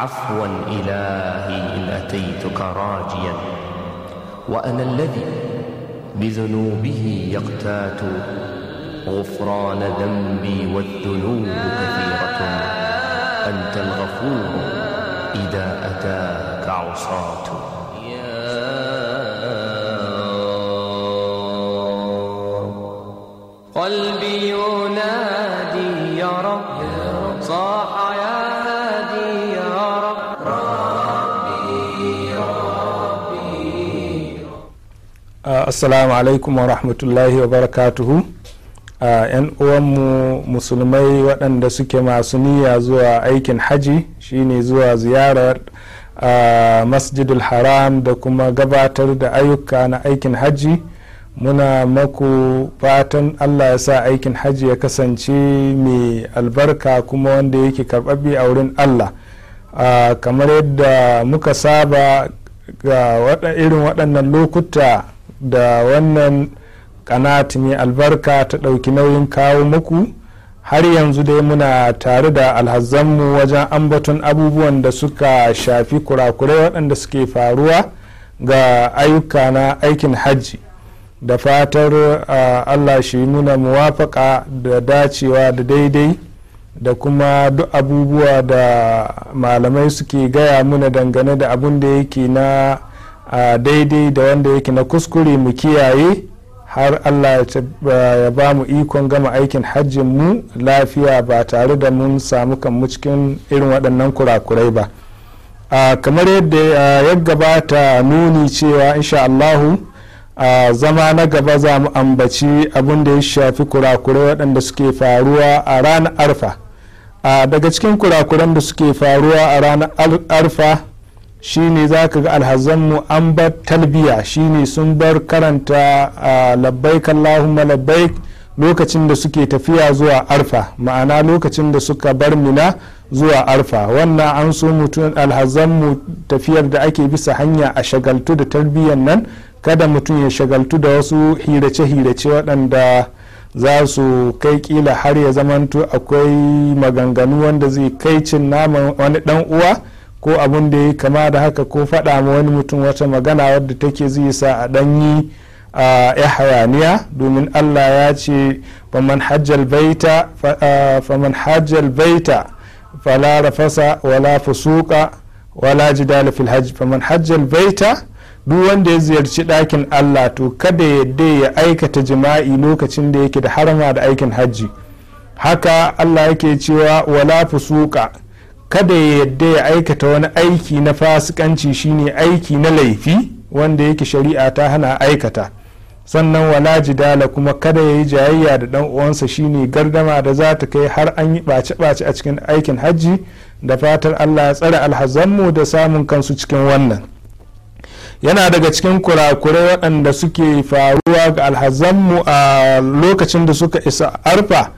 عفوا إلهي إن أتيتك راجيا وأنا الذي بذنوبه يقتات غفران ذنبي والذنوب كثيرة أنت الغفور إذا أتاك عصاته Uh, assalamu alaikum wa rahmatullahi wa barakatuhu uh, yan uwan mu musulmai waɗanda suke masu niyya zuwa aikin haji shine zuwa ziyarar uh, masjidul haram da kuma gabatar da ayyuka na aikin haji muna maku fatan allah ya sa aikin haji ya kasance mai albarka kuma wanda yake karɓaɓɓe a wurin allah kamar yadda muka saba ga irin waɗannan lokuta da wannan kanat mai albarka ta ɗauki nauyin kawo muku har yanzu dai muna tare da alhazzanmu wajen ambaton abubuwan da suka shafi kurakurai waɗanda suke faruwa ga ayyuka na aikin hajji da fatar allah shi nuna muwafaka da dacewa da daidai da kuma duk abubuwa da malamai suke gaya muna dangane da abin da yake na a daidai da wanda yake na kuskure mu kiyaye har allah ya ba mu ikon gama aikin hajjin mu lafiya ba tare da mun samu kanmu cikin irin waɗannan kurakurai ba kamar yadda ya gabata nuni cewa insha allahu a zama na gaba za mu ambaci abin da ya shafi kurakurai waɗanda suke faruwa a ranar arfa daga cikin kurakuran da suke faruwa a ranar arfa shine za ka ga alhazanmu an bar talbiya shine sun bar karanta a labbaik allahumma labbaik lokacin da suke tafiya zuwa arfa ma'ana lokacin da suka bar mina zuwa arfa wannan an so mutum alhazanmu tafiyar da ake bisa hanya a shagaltu da talbiyan nan kada mutum ya shagaltu da wasu hirace-hirace waɗanda za su kai kila har ya zamanto akwai maganganu wanda zai kai cin naman wani ɗan uwa ko abun da ya kama da haka ko faɗa ma wani mutum wata magana wadda take zai sa a ɗanyi ya hayaniya domin allah ya ce faman hajjal baita fala rafasa wala fusuka wala jidala fil hajj faman hajjal baita duk wanda ya ziyarci ɗakin allah to kada yadda ya aikata jima'i lokacin da yake da harama da aikin hajji haka allah yake cewa wala fusuka kada ya yadda ya aikata wani aiki na fasikanci shine aiki na laifi wanda yake shari'a ta hana aikata sannan wala jidala kuma kada ya yi jayayya da dan uwansa shine gardama da za ta kai har an yi ɓace-ɓace a cikin aikin hajji da fatar allah ya tsare alhazanmu da samun kansu cikin wannan yana daga cikin kurakurai waɗanda suke faruwa ga alhazanmu a lokacin da suka isa arfa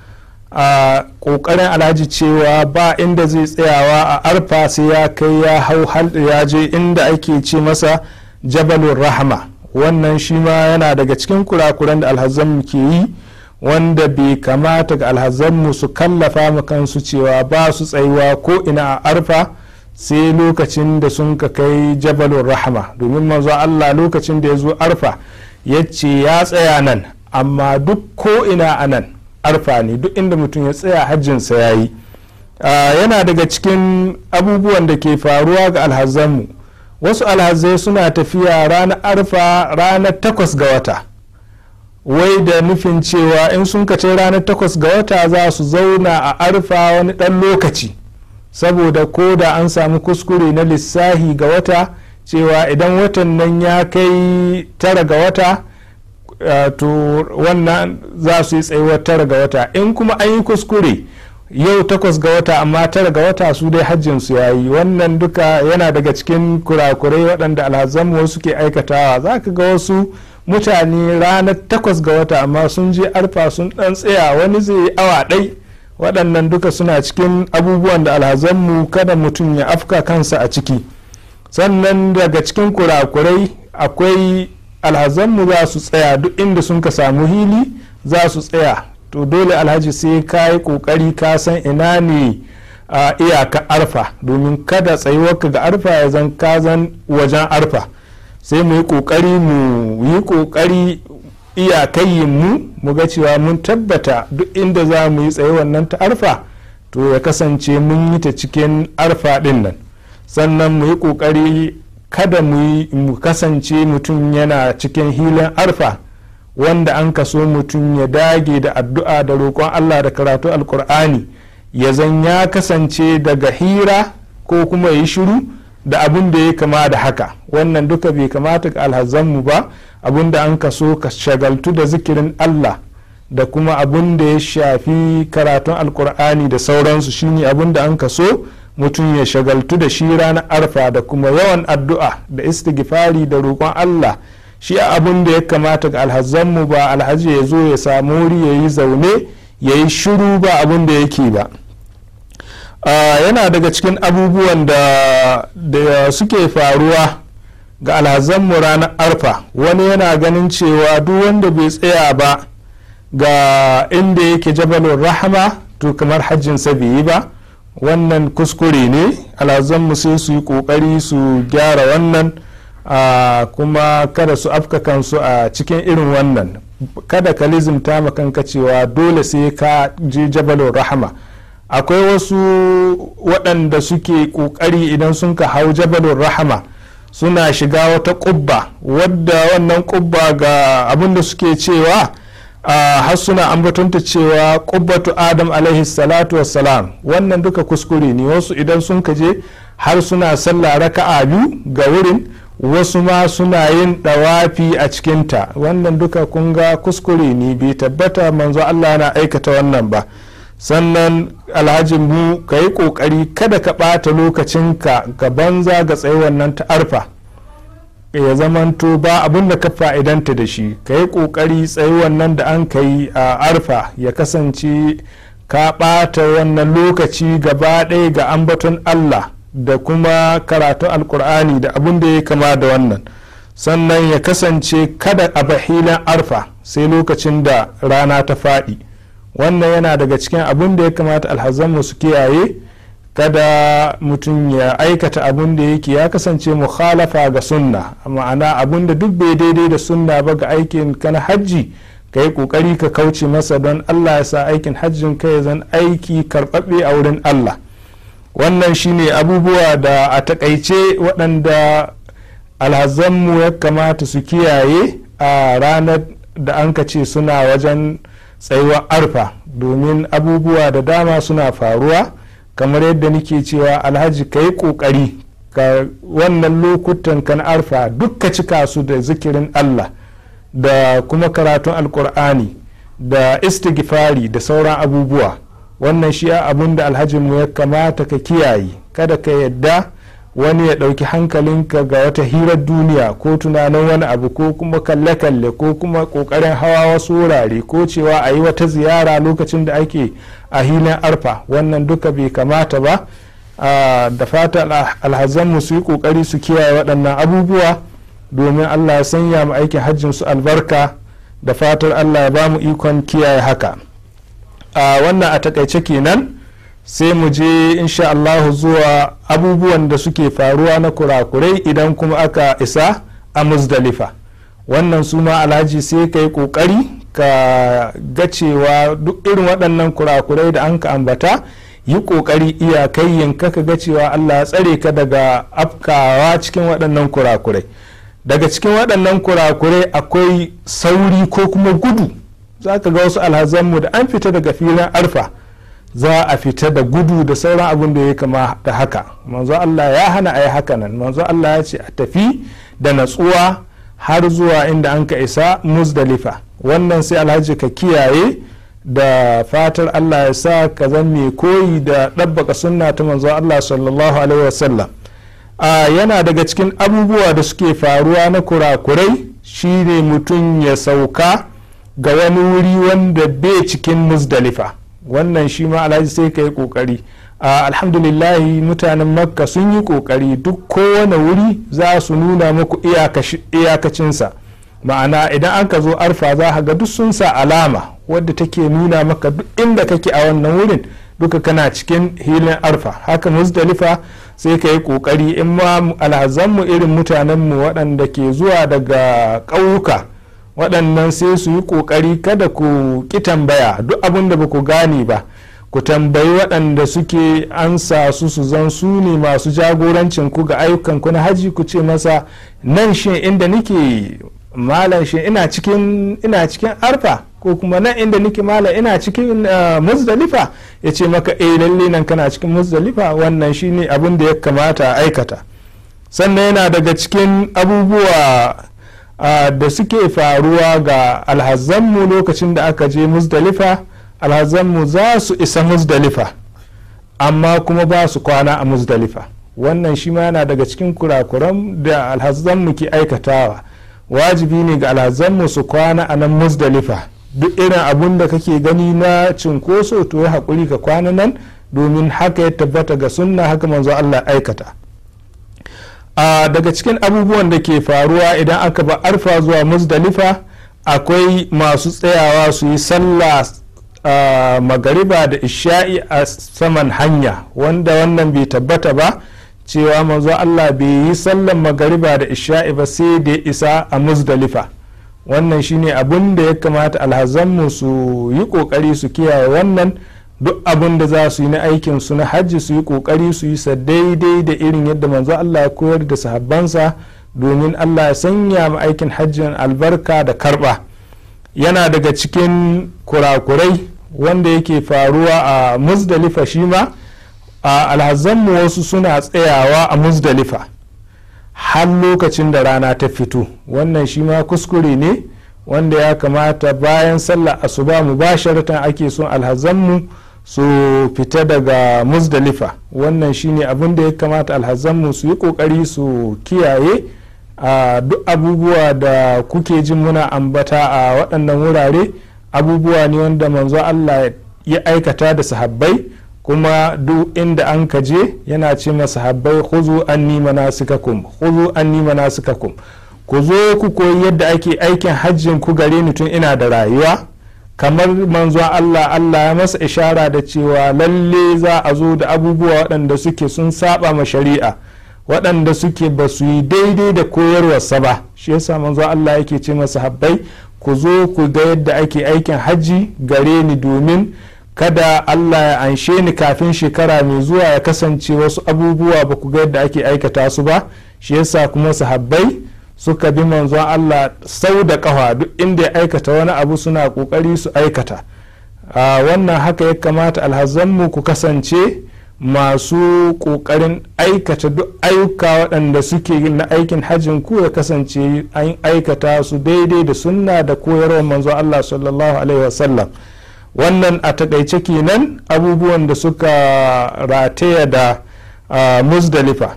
a ƙoƙarin alhaji cewa ba inda zai tsayawa a arfa sai ya kai ya hau hal ya je inda ake ce masa jabalun rahama wannan shi ma yana daga cikin kurakuran da alhazanmu ke yi wanda bai kamata ga alhazan mu su kallafa mu kansu cewa ba su tsayuwa ko ina a arfa sai lokacin da sun ka kai jabalun rahama domin manzo allah lokacin da ya zo arfa ya ce ya tsaya nan amma duk ko ina a nan arfa ne duk inda mutum ya tsaya hajjinsa ya yi ah, yana daga cikin abubuwan da ke faruwa ga alhazan mu wasu alhazai suna tafiya ranar arfa ranar takwas ga wata wai da nufin cewa in sun kace ranar takwas ga wata za su zauna a arfa wani ɗan lokaci saboda ko da an samu kuskure na lissahi ga wata cewa idan watan nan ya kai tara ga wata Eh, to wannan za su yi tsayuwar tara ga wata in kuma an yi kuskure yau takwas ga wata amma tara ga wata su dai hajjin su yayi wannan duka yana daga cikin kurakurai waɗanda alhazanmu suke aikatawa za ka ga wasu mutane ranar takwas ga wata amma sun je arfa sun ɗan tsaya wani zai yi awa ɗai waɗannan duka suna cikin abubuwan da alhazanmu kada mutum ya afka kansa a ciki sannan daga cikin kurakurai akwai alhazanmu za su tsaya duk inda sun ka samu hili za su tsaya to dole alhaji sai ka yi kokari ka san ina ne a iyaka arfa domin kada tsayuwarka ga arfa ya zan ka zan wajen arfa sai mu yi kokari mu yi kokari iyakayin mu mu ga cewa mun tabbata duk inda za mu yi tsaye wannan ta arfa to ya kasance mun yi ta cikin arfa din nan sannan mu yi kokari kada mu kasance mutum yana cikin hilin arfa wanda an kaso mutum ya dage da addu'a da roƙon allah da karatu alkur'ani ya zan ya kasance daga hira ko kuma ya yi shiru da abin da ya kama da haka wannan duka bai kamata alhazan mu ba abin da an kaso ka shagaltu da zikirin allah da kuma abin da ya shafi karatun alkur'ani da sauransu shine abin da an kaso mutum ya shagaltu da shi ranar arfa da kuma yawan addu'a da istighfari da roƙon allah shi a abin da ya kamata ga alhazanmu ba alhaji ya zo ya samu wuri ya yi zaune ya yi shiru ba abin da yake ba yana daga cikin abubuwan da suke faruwa ga alhazanmu ranar arfa wani yana ganin cewa duk wanda bai tsaya ba ga inda yake jabalin rahama to kamar hajjinsa bai yi ba wannan kuskure ne alhazanmu sai su yi kokari su gyara wannan kuma kada su afka kansu a cikin irin wannan kada ka lizimta kanka cewa dole sai ka je jabalin rahama akwai wasu waɗanda suke ƙoƙari idan sun ka hau jabalin rahama suna shiga wata ƙubba wadda wannan ƙubba ga abin suke cewa har suna ambatonta cewa ƙubbatu adam alaihi salatu wassalam wannan duka kuskure ne wasu idan sun kaje har suna sallah raka'a biyu ga wurin wasu ma suna yin dawafi a cikinta wannan duka kun ga kuskure ne bai tabbata manzo allah na aikata wannan ba sannan alhaji mu ka yi ƙoƙari kada ka ɓata lokacinka ga banza ga tsaye wannan ta arfa ya zamanto ba abin da ka fa'idanta da shi ka yi ƙoƙari tsaye nan da an ka yi a arfa ya kasance ka ɓata wannan lokaci gaba ɗaya ga ambaton allah da kuma karatun alkur'ani da abin da ya kama da wannan sannan ya kasance kada a bahilan arfa sai lokacin da rana ta faɗi wannan yana daga cikin abin da ya kamata alhazanmu su kiyaye kada mutum ya aikata abun da yake ya kasance mukhalafa ga sunna ma'ana abun da duk bai daidai da sunna ba ga aikin ka na hajji ka yi kokari ka kauce masa don allah ya sa aikin hajjin ka ya zan aiki karɓaɓɓe a wurin allah wannan shine abubuwa da a takaice waɗanda alhazanmu ya kamata su kiyaye a ranar da an ce suna wajen tsayuwar arfa domin abubuwa da dama suna faruwa. kamar yadda nake cewa alhaji ka yi ƙoƙari ka wannan lokutan kan arfa dukka cika su da zikirin allah da kuma karatun alkur'ani da istighfari da sauran abubuwa wannan shi abin da alhaji mu ya kamata ka kiyaye kada ka yadda wani ya ɗauki hankalinka ga wata hirar duniya ko tunanin wani abu ko kuma kalle-kalle ko kuma ƙoƙarin hawa wasu wurare ko cewa a yi wata ziyara lokacin da ake a hilin arfa wannan duka bai kamata ba da fata alhazanmu su yi ƙoƙari su kiyaye waɗannan abubuwa domin allah ya sanya mu aikin hajjin su albarka da fatar allah ya ba mu ikon kiyaye haka wannan a takaice kenan. sai mu je insha Allah zuwa abubuwan da suke faruwa na kurakurai idan kuma aka isa a muzdalifa wannan suma alhaji sai ka yi kokari ka ga cewa duk irin waɗannan kurakurai da an ka ambata yi kokari kai yanka ka ga cewa Allah tsare ka daga afkawa cikin waɗannan kurakurai daga cikin waɗannan kurakurai akwai sauri ko kuma gudu za ka ga wasu alhazanmu da an fita daga filin arfa za a fita da gudu da sauran abin da ya kama da haka manzo Allah ya hana a yi haka nan manzo Allah ya ce a tafi da natsuwa har zuwa inda an ka isa muzdalifa wannan sai alhaji ka kiyaye da fatar Allah ya sa ka zan mai koyi da ɗabbaka sunna ta manzo Allah sallallahu alaihi wasallam yana daga cikin abubuwa da suke faruwa na kurakurai shine mutum ya sauka ga wani wuri wanda bai cikin muzdalifa wannan shi ma alhaji sai ka yi kokari alhamdulillahi mutanen makka sun yi kokari duk kowane wuri za su nuna muku iyakacinsa ma'ana idan an ka zo arfa za ga duk sun sa alama wadda take nuna maka duk inda kake a wannan wurin duka kana cikin hilin arfa haka musdalifa sai ka yi kokari in ma alhazanmu irin mutanenmu waɗanda ke zuwa daga ƙauyuka waɗannan sai su yi ƙoƙari kada ku ƙi tambaya duk abin da ba ku gane ba ku tambayi waɗanda suke ansa su su zan su ne masu jagorancin ku ga ayyukan ku na haji ku ce masa nan shi inda nike malam shi ina cikin ina cikin arfa ko kuma nan inda nike malam ina cikin eh, muzdalifa ya ce maka eh lalle nan kana cikin muzdalifa wannan shine abin da ya kamata aikata sannan yana daga cikin abubuwa da suke faruwa ga alhazanmu lokacin da aka je muzdalifa alhazanmu za su isa muzdalifa amma kuma ba su kwana a muzdalifa wannan shi ma yana daga cikin kurakuran da alhazanmu ke aikatawa wajibi ne ga alhazanmu su kwana a nan muzdalifa duk irin abun da kake gani na cinkoso to ya haƙuri ka kwana nan domin haka ya tabbata ga sunna haka manzo allah aikata daga cikin abubuwan da ke faruwa idan aka ba arfa zuwa musdalifa akwai masu tsayawa su yi sallah magariba da isha'i a saman hanya wanda wannan bai tabbata ba cewa manzo Allah bai yi sallan magariba da isha'i ba sai da isa a musdalifa wannan shine abin da ya kamata alhazanmu su yi kokari su kiyaye wannan duk abin da za su yi na aikin su na hajji su yi kokari su yi sa daidai da irin yadda manzo Allah ya koyar da sahabbansa domin Allah ya sanya ma aikin hajjin albarka da karba yana daga cikin kurakurai wanda yake faruwa a muzdalifa shi ma a alhazanmu wasu suna tsayawa a muzdalifa har lokacin da rana ta fito wannan shi ma kuskure ne wanda ya kamata bayan sallah asuba mubasharatan ake son alhazanmu mu su fita daga musdalifa wannan shine abin da ya kamata alhazanmu su yi kokari su kiyaye a duk abubuwa da kuke jin muna ambata a waɗannan wurare abubuwa ne wanda manzo allah ya aikata da sahabbai kuma duk inda an kaje yana ce ma sahabbai huzu an nima huzu suka kum ku zo ku koyi yadda ake aikin hajjin ku gare ni tun ina da rayuwa kamar manzo Allah Allah ya masa ishara da cewa lalle za a zo da abubuwa waɗanda suke sun saba ma shari'a waɗanda suke ba su yi daidai da koyarwarsa ba shi yasa manzo Allah yake ce masa habbai ku zo ku ga yadda ake aikin hajji gare ni domin kada Allah ya anshe ni kafin shekara mai zuwa ya kasance wasu abubuwa ba ku ga yadda ake aikata su ba shi yasa kuma sahabbai suka bi manzon Allah sau da kafa duk inda ya aikata wani abu suna kokari su aikata wannan haka ya kamata mu ku kasance masu kokarin aikata duk ayyuka waɗanda suke yin na aikin hajjin ku ya kasance an aikata su daidai da sunna da koyarwa manzo Allah sallallahu alaihi wasallam wannan a takaice kenan abubuwan da suka rataya da muzdalifa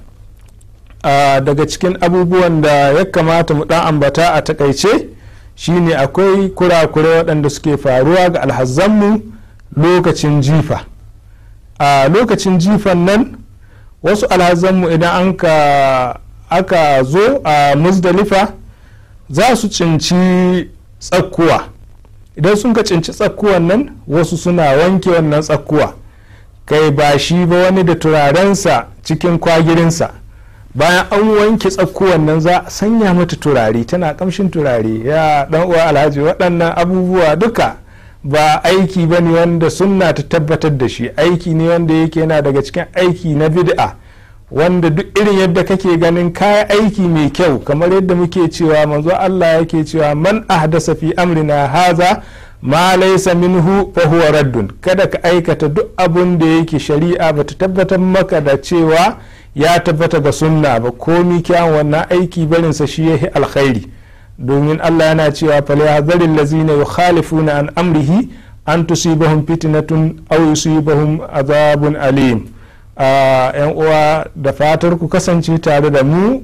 daga cikin abubuwan da ya kamata mu ɗan ambata a takaice shine akwai kurakurai waɗanda suke faruwa ga alhazzanmu lokacin jifa a lokacin jifan nan wasu alhazzanmu idan an ka aka zo a muzdalifa za su cinci tsakkuwa idan sun ka cinci tsakkuwan nan wasu suna wanke wannan tsakkuwa kai ba shi ba wani da turarensa cikin kwagirinsa bayan an wanke tsakkuwan nan za a sanya mata turare tana kamshin turare ya dan uwa alhaji waɗannan abubuwa duka ba aiki ba ne wanda sunna ta tabbatar da shi aiki ne wanda yake yana daga cikin aiki na bid'a wanda duk irin yadda kake ganin kayan aiki mai kyau kamar yadda muke cewa manzo Allah yake cewa man ahdasa fi amrina haza ma laysa minhu fa huwa raddun kada ka aikata duk abun da yake shari'a bata tabbatar maka da cewa ya tabbata ga sunna ba komi kyawun wannan aiki barinsa shi yahi alkhairi domin Allah yana cewa fal yahzaril ladzina yukhalifuna an amrihi an tusibahum fitnatun aw yusibahum azabun alim yan uwa da fatar ku kasance tare da mu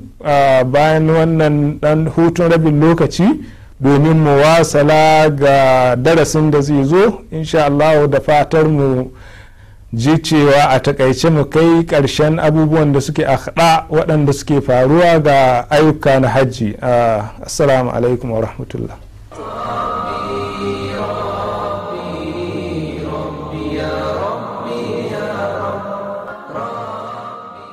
bayan wannan dan hutun rabin lokaci domin mu wasala ga darasin da zai zo insha Allah da fatar mu ji cewa a takaice mu kai karshen abubuwan da suke akhda waɗanda suke faruwa ga ayyuka na hajji ah, assalamu alaikum wa rahmatullah